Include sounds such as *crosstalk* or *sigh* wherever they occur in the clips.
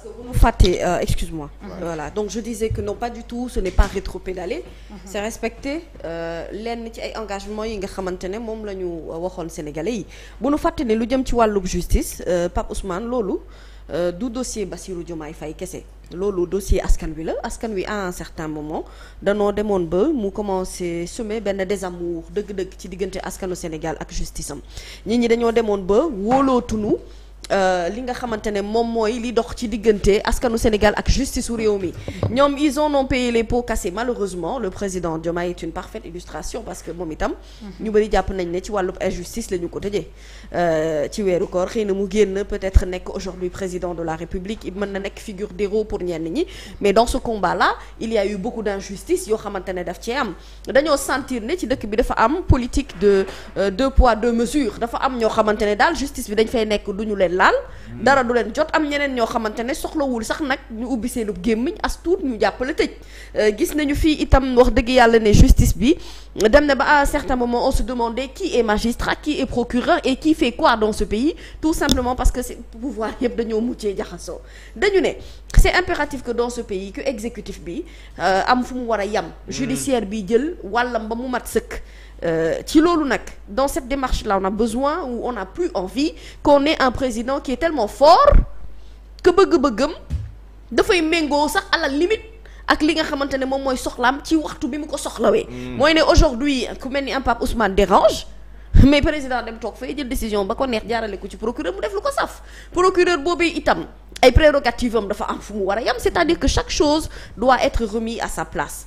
parce que bu ñu fàttee excuse-moi. voilà donc je disais que non pas du tout ce n'est pas rétropédaler. Mhm. c'est respecter euh, lenn ci ay engagements yi nga xamante ne moom la ñu euh, waxoon sénégalais yi bu ñu fàtte ne lu jëm ci wàllu justice euh, Pape Ousmane loolu du dossier Bassirou Diomaye fay kese. loolu dossier askan wi la askan wi à un certain moment danoo demoon ba mu commencé semer benn désamour dëgg-dëgg ci diggante askanu Sénégal ak justice am nit ñi dañoo demoon ba wóolootunu Euh, li nga xamante ne moom mooy li dox ci diggante askanu Sénégal ak justice su réew mi ñoom ils en ont payé les pots cassés malheureusement le président Diomaye est une parfaite illustration parce que moom itam. Mhm. ñu bëri jàpp nañ ne ci wàllu injustice la ñu ko tëjee euh, ci weeru koor xëy na mu génn peut-être nekk aujourd'hui président de la République il mën na nekk figure d'héros pour ñenn ñi mais dans ce combat là il y a eu beaucoup d'injustice yoo xamante ne daf cee am dañoo ci dëkk bi dafa am politique de euh, deux poids deux mesures dafa am ñoo xamante ne daal justice bi dañ fay nekk duñu leen daal dara du leen jot am ñeneen ñoo xamante ne soxlawul sax nag ñu ubbi seenub gémmiñ as tuut ñu jàppale tëj euh, gis nañu fii itam wax dëgg yàlla ne justice bi dem na ba à un certain moment on se demandait qui est magistrat qui est procureur et qui fait quoi dans ce pays tout simplement parce que c'est pouvoir yëpp dañoo mujjee jaxasoo dañu ne c'est impératif que dans ce pays que exécutif bi euh, am fu mu war a yam mm. judiciaire bi jël wàllam ba mu mat sëkk Euh, ci loolu nag dans cette démarche là on a besoin ou on a plus envie qu'on ait un président qui est tellement fort que bëgg-bëggam dafay méngoo sax à la ak li nga xamante ne moom mooy soxlaam ci waxtu bi mu ko soxlawee. Mm. mooy ne aujourd'hui ku mel ni un Pape Ousmane dérange mais président dem toog fay jël décision ba ko neex jaarale ko ci procureur mu def lu ko saf procureur boobu itam ay prérogatives am dafa am fu mu war a yam c'est-à-dire que chaque chose doit à sa place.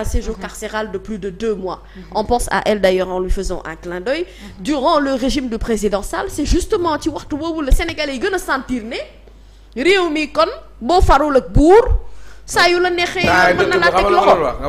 un séjour mhm. carcéral de plus de deux mois mhm. on pense à elle d'ailleurs en lui faisant un clin d'œil mhm. durant le régime de président c'est justement ci waxtu boobu la sénégalais yi gën a sentir ne réew mi kon boo farul ak buur saa yu la neexee mën na nga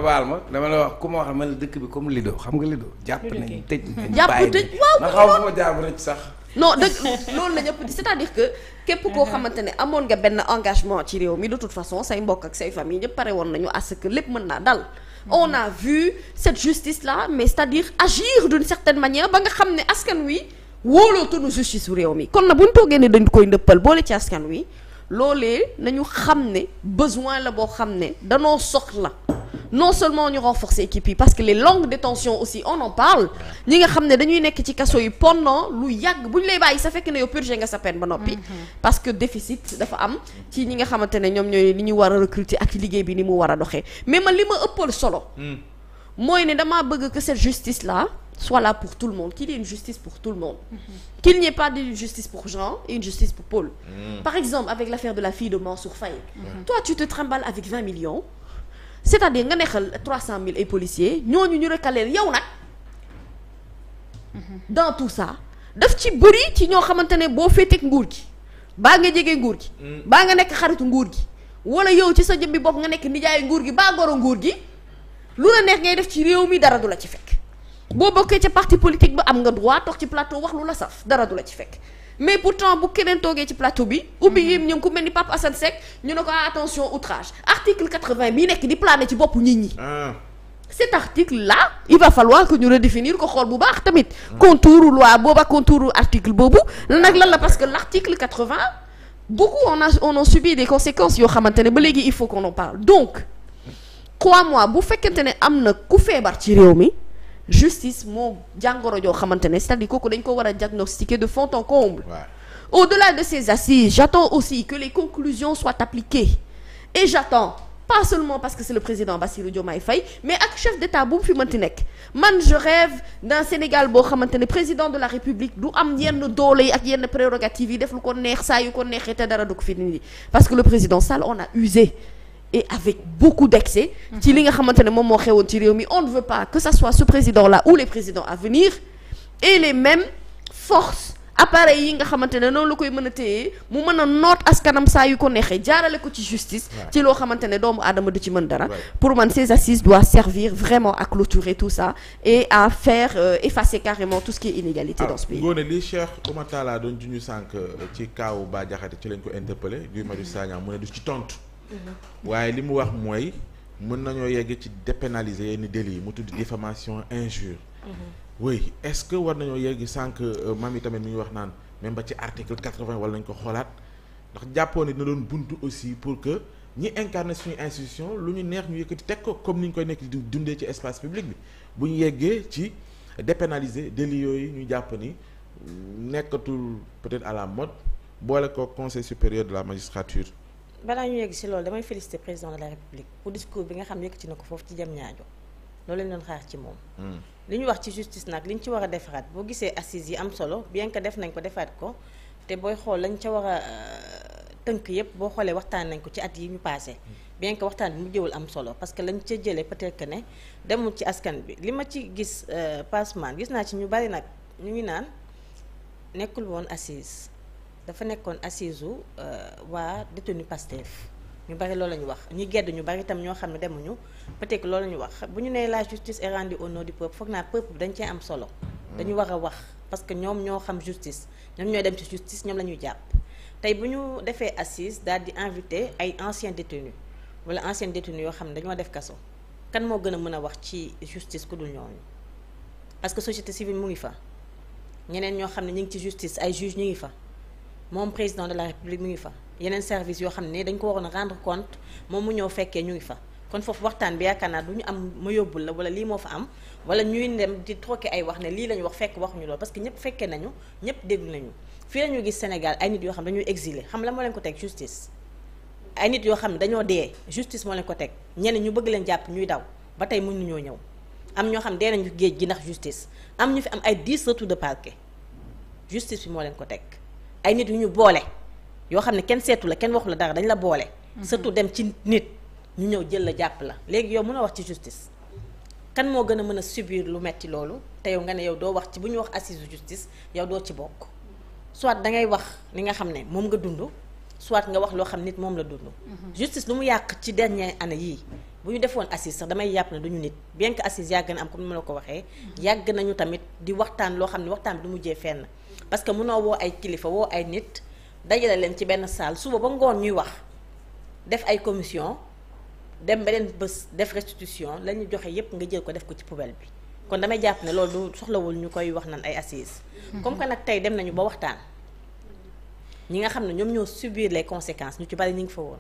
baal ma dama la wax ku ma ma dëkk bi comme Lido xam nga Lido jàpp nañ tëj *laughs* jàpp rek sax non dëgg loolu la ñëpp di c'est-à-dire que képp koo xamante ne amoon nga benn engagement ci réew mi de toute façon say mbokk ak say famille ñëpp pare woon nañu à ce que lépp mën naa dal on a vu cette justice là mais c'est-à-dire agir d'une certaine manière ba nga xam ne askan wi wooloo wóolootuñu justice réew mi kon na bu ñu toogee ne dañ koy ndëppal boole ci askan wi loolee nañu xam ne besoin la boo xam ne danoo soxla non seulement ñu renforcer équipe yi parce que les longues détentions aussi on en parle ñi nga xam ne dañuy nekk ci kaso yi pendant lu yàgg bu ñu lay bàyyi sa fekk ne yow purgé nga sa peine ba noppi mm-hmm. parce que déficit dafa am ci ñi nga xamante ne ñoom ñooy ni ñu war a recruter ak ci liggéey bi ni mu war a doxee mais man li ma ëppal solo mm. mooy ne damaa bëgg que cette justice là soit là pour tout le monde qu'il y ait une justice pour tout le monde mm-hmm. qu'il n'y ait pas d'une justice pour Jean et une justice pour Paul mm. cest a de nga neexal 300000 ay policiers ñooñu ñu recalé yow nag dans tout ça daf ci bëri ci ñoo xamante ne boo féeteeg nguur gi baa nga jege nguur gi. Mm. baa nga nekk xaritu nguur gi. wala yow ci sa jëm bi bopp nga nekk nijaayu nguur gi baa goro nguur gi lu la neex ngay def ci réew mi dara du la ci fekk boo bokkee ca parti politique ba am nga droit toog ci plateau wax lu la saf dara du la ci fekk. mais pourtant bu keneen toogee ci plateau bi. ubbi yim mhm. ñu ku mel ni Pape Assane Seck ñu ne ko ah, attention outrage article quatre-vingt bi nekk di plané ci bopp nit ñi. Ah. cet article là il va falloir ko ñu redéfinir ko xool bu baax tamit. Mhm. contour loi boobu ak contour article boobu lan ah. nag lan la parce que l' article quatre-vingt beaucoup on a on a subi des conséquences yoo xamante ne ba léegi il faut qu'on en parle donc crois-moi bu fekkente ne am na ku feebar ci réew mi. justice moo jàngoro joo xamante ne c'est-à-dire kooku dañ ko war a diagnostiquer de fond en comble au-delà de ces assises j'attends aussi que les conclusions soient appliquées et j'attends pas seulement parce que c'est le président Bassirou Diomaye Faye mais ak chef d'État bu mu fi nekk man je rêve d'un Sénégal boo xamante ne président de la République du am yenn doole yi ak yenn prérogatives yi def lu ko neex saa yu ko neexee te dara du ko parce que le président Sall on et avec beaucoup d'excès ci li nga xamante ne moom moo xewoon ci réew mi on ne veut pas que ça soit ce président là ou les présidents à venir et les mêmes forces appareils yi nga xamante ne noonu la koy mën a téye mu mën a noot askanam saa yu ko neexee jaarale ko ci justice ci loo xamante ne doomu aadama du ci mën dara pour man ces assises doivent servir vraiment à clôturer tout ça et à faire euh, effacer carrément tout ce qui est inégalité ah, dans ce pays ngoone li doon ju ñu sànq ci kaaw Bah ci lañ ko interpellé Guy Marius du ci tontu waaye li mu wax mooy mën nañoo yegg ci dépénaliser yenn délits yi mu tudd diffamation injure oui est-ce que war nañoo yegg sànq euh, mam yi tamit mi ngi wax naan même ba ci article quatre-vingt wala nañ ko xoolaat ndax jàppoo ne dina doon buntu aussi pour que ñi incarné suñu institution lu ñu neex ñu yëkkati teg ko comme ni ñu koy nekk di dundee ci espace public bi bu ñu yeggee ci dépénaliser délits yooyu ñu jàpp ni nekkatul peut-être à la mode boole ko conseil supérieur de la magistrature balaa ñu yegg si loolu damay féliciter président de la république pour discours bi nga xam ne yëkkati na ko foofu ci jam ñaajo loolu lañ doon xaar ci moom. Hmm. li ñu wax ci justice nag li ñu ci war a defaraat boo gisee assises yi am solo bien que def nañ ko defaat ko te booy xool lañ ca war a euh, tënk yëpp boo xoolee waxtaan nañ ko ci at yi ñu passé hmm. bien que waxtaan bi mu jëwul am solo parce que lañ ca jëlee peut-être ne demul ci askan bi li ma ci gis euh, Passeman gis naa ci ñu bari nag ñu ngi naan nekkul woon assise dafa nekkoon assise u euh, waa détenu Pastef ñu bari loolu la ñu wax ñi gedd ñu bari itam ñoo xam ne demuñu peut-être que loolu la wax bu ñu nee la justice est rendue au nom du peuple foog naa peuple dañ cee am solo. Hmm. dañu war a wax parce que ñoom ñoo xam justice ñoom ñooy dem ci justice ñoom la ñuy jàpp tey bu ñu defee assise daal di invité ay anciens détenus wala anciens détenus yoo xam ne dañoo def kaso kan moo gën a mën a wax ci justice ku dul ñooñu parce que société civile mu ngi fa ñeneen ñoo xam ne ñu ngi ci justice ay juges ñu ngi fa. moom président de la république mu ngi fa yeneen service yoo xam ne dañ ko waroon a rendre compte moom mu ñëw fekkee ñu ngi fa kon foofu waxtaan bi yaakaar naa du ñu am ma yóbbul la wala lii moo fa am wala ñuy dem di troquer ay wax ne lii la ñu wax fekk waxuñu loolu parce que ñëpp fekkee nañu ñëpp déglu nañu fii la gis Sénégal ay nit yoo xam ne dañuy exilé xam la moo leen ko teg justice ay nit yoo xam ne dañoo dee justice moo leen ko teg ñenee ñu bëgg leen jàpp ñuy daw ba tey mënuñoo ñëw am ñoo xam dee nañu géej gi ndax justice am ñu fi am ay 10 retours de parquet justice bi moo leen ko teg ay nit yu ñu boole yoo xam ne kenn seetu la kenn waxu la dara dañ la boole. Mm-hmm. surtout dem ci nit ñu ñëw jël la jàpp la léegi yow mën a wax ci justice. kan moo gën a mën a subir lu metti loolu te yow nga ne yow doo wax ci bu ñu wax assise justice yow doo ci bokk soit da ngay wax li nga xam ne moom nga dundu soit nga wax loo xam nit moom la dund. Mm-hmm. justice lu mu yàq ci dernière année yii bu ñu defoon assise sax damay yàpp ne duñu ñu nit bien assise yàgg na am comme ni ma la ko waxee. Mm-hmm. yàgg nañu tamit di waxtaan loo xam ne waxtaan bi du mujjee fenn. parce que munoo woo ay kilifa woo ay nit dajale leen ci benn salle suba ba ngoon ñuy wax def ay commission dem beneen bés def restitution la ñu joxe yépp nga jël ko def ko ci poubelle bi kon damay jàpp ne loolu du soxlawul ñu koy wax nan ay assises. Mm-hmm. comme que nag tey dem nañu ba waxtaan. ñi nga xam ne ñoom ñoo subir le conséquence ñu ci bari ñu ngi fa woon.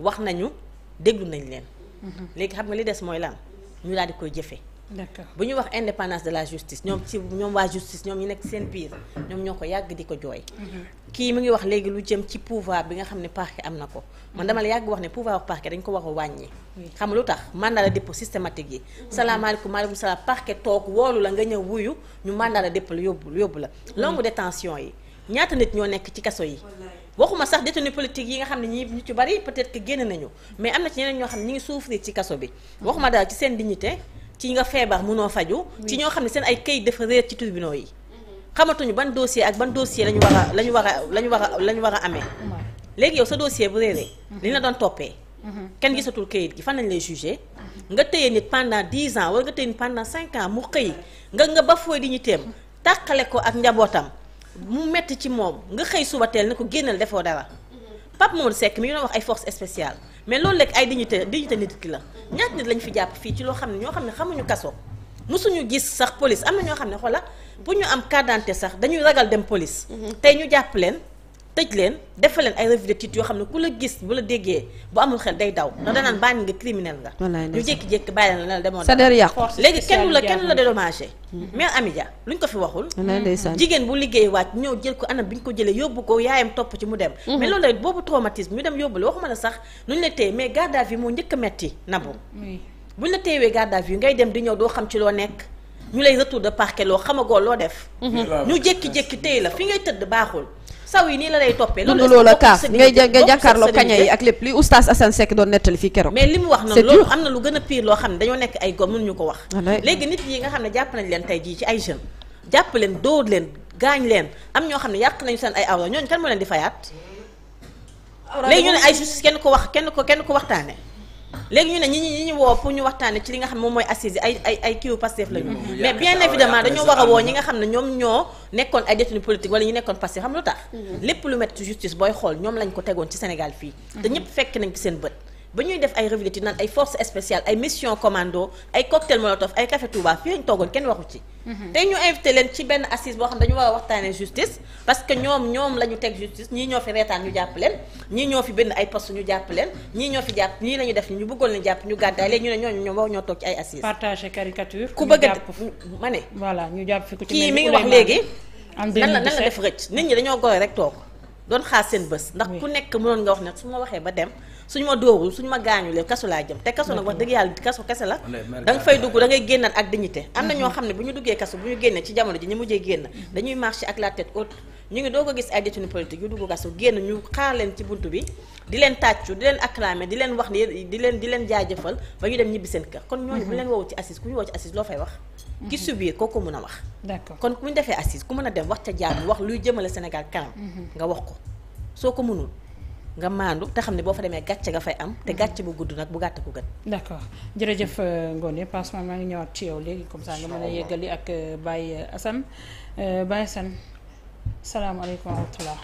wax nañu déglu nañ leen. Mm-hmm. léegi xam nga li des mooy lan ñu daal di koy jëfee. d'accord bu ñu wax indépendance de la justice ñoom ci ñoom waa justice ñoom ñu nekk seen biir ñoom ñoo ko yàgg di ko jooy. Mm-hmm. kii mi ngi wax léegi lu jëm ci pouvoir bi nga xam ne parquet am na ko man dama yàgg wax ne pouvoir parquet dañ ko war a wàññi. xam nga lu tax mandat de dépôt systématique yi. Mm-hmm. salaamaaleykum maaleykum salaam parquet toog woolu la nga ñëw wuyu ñu mandat de dépôt yóbbu yóbbu la. Mm-hmm. longue détention yi ñaata nit ñoo nekk ci kaso yi. waxuma sax détenu politique yi nga xam ne ñi ñu ci bari peut-être que génn nañu mais am na ci ñeneen ñoo xam ne ñu ngi souffrir ci kaso bi. waxuma daal ci seen dignité ci nga feebar mu noo faju ci ñoo xam ne seen ay kayit dafa réer ci tribunaux yi xamatuñu ban dossier ak ban dossier lañu war a lañu war a lañu war a lañu war a amee léegi yow sa dossier bu réeree mhm. li na doon toppee mhm. kenn gisatul kayit gi fan nañ lay jugé nga téye nit pendant 10 ans wala nga téye nit pendant 5 ans mu xëy nga nga ba fooy di ñu téem tàqale ko ak njabootam mu metti ci moom nga xëy suba teel ne ko génnal defoo dara Pape Modou sekk mi ngi doon wax ay forces spéciales mais loolu léegi ay dignité dignité nit ki la ñaata nit lañ fi jàpp fii ci loo xam ne ñoo xam ne xamuñu kaso mosuñu gis sax police am na ñoo xam ne xola pour ñu am carte sax dañuy ragal dem police. Mm-hmm. tey ñu jàpp leen. tëj leen defal leen ay revue de titre yoo xam ne ku la gis bu la déggee bu amul xel day daw ndax danaan bànni nga criminel nga ñu jékki-jékki bàyyi leen la demoon sa der yàqu léegi kenn la kenn la dédommagé mais hmm. Amidia luñ ko fi waxul jigéen bu liggéey wàcc ñëw jël ko anam bi ñu ko jëlee yóbbu ko yaayam topp ci mu dem hmm. mais loolu rek boobu traumatisme ñu dem yóbbu la waxuma la sax nuñ la téye mais garde à yi moo njëkk metti nabu buñ la ngay dem di ñëw doo xam ci loo nekk ñu lay retour de parquet loo xamagoo loo def hmm. ñu jékki-jékki téye la fi ngay tëdd baaxul saw yi nii la lay toppee. loolu loola kaaf ngay nga jàkkaarloo kaña yi ak lépp li oustaz Assane Seck doon nettali fii keroog. mais li mu wax na loolu am na lu gën a pire loo xam ne dañoo nekk ay góor mënuñu ko wax. léegi nit yi nga xam ne jàpp nañ leen tey jii ci ay jeunes jàpp leen dóor leen gaañ leen am ñoo xam ne yàq nañu seen ay awra ñooñ kan moo leen di fayaat. léegi ñu ne ay justice kenn ko wax kenn ko kenn ko waxtaane léegi ñu ne ñi ñi ñu woo pour ñu waxtaane ci li nga xam ne moom mooy assise ay ay ay kiiwu Pastef la mais bien évidemment dañoo war a woo ñi nga xam ne ñoom ñoo nekkoon ay détenus politique wala ñu nekkoon Pastef xam lu tax mhm. lépp lu metti justice booy xool ñoom lañ ko tegoon ci Sénégal fii mhm. te ñëpp fekk nañ ci seen bët ba ñuy def ay revue d'étude naan ay force spéciale ay mission commando ay cocktail molotov ay café Touba fii lañ toogoon kenn waxu ci mhm. tey ñu invité leen ci benn assise boo xam dañu war a waxtaanee justice parce que ñoom ñoom la ñu teg justice ñii ñoo fi reetaan ñu jàpp leen ñii ñoo fi benn ay poste ñu jàpp leen ñii ñoo fi jàpp ñii la ñu def ñu bëggoon leen jàpp ñu gàddaay léegi ñu ne ñooñu ñoom war ñoo toog ci ay assise ku bëgg a ma ne voilà ñu kii mi ngi wax léegi ñi dañoo goy rek toog doon xaar seen bës ndax ku nekk mënoon nga wax ne su ma waxee ba dem suñu ma dóorul suñu ma gaañu gaañulee kaso laa jëm te kaso nag wax dëgg yàlla kaso kese la da fay dugg da ngay génnaat ak dignité am na ñoo mm-hmm. xam ne bu ñu duggee kaso bu ñu génnee ci jamono ji ñu mujjee génn mm-hmm. dañuy marché ko gis ay détenu politique yu dugg kaso génn ñu xaar leen ci buntu bi di leen tàccu di leen acclamer di leen wax ni di leen di leen jaajëfal ba ñu dem ñibbi seen kër kon ñooñu bu mm-hmm. leen woowu ci assise ku ñu woo ci assise loo fay wax ki subir kooku mën a wax d'accord kon bu ñu defee assise ku mën a dem wax ca jàmm wax luy jëmale Sénégal kanam nga wax ko soo ko nga maandu te xam ne boo fa demee gàcce nga fay am te mm-hmm. gàcce bu gudd nag bu gàtt ko gën. d' accord jërëjëf euh, Ngoné Pansement maa ngi ñëwaat ci yow léegi comme ça nga mën a yeggali ak euh, Baye Assane euh, Baye Assane salaamaaleykum wa rahmatulah.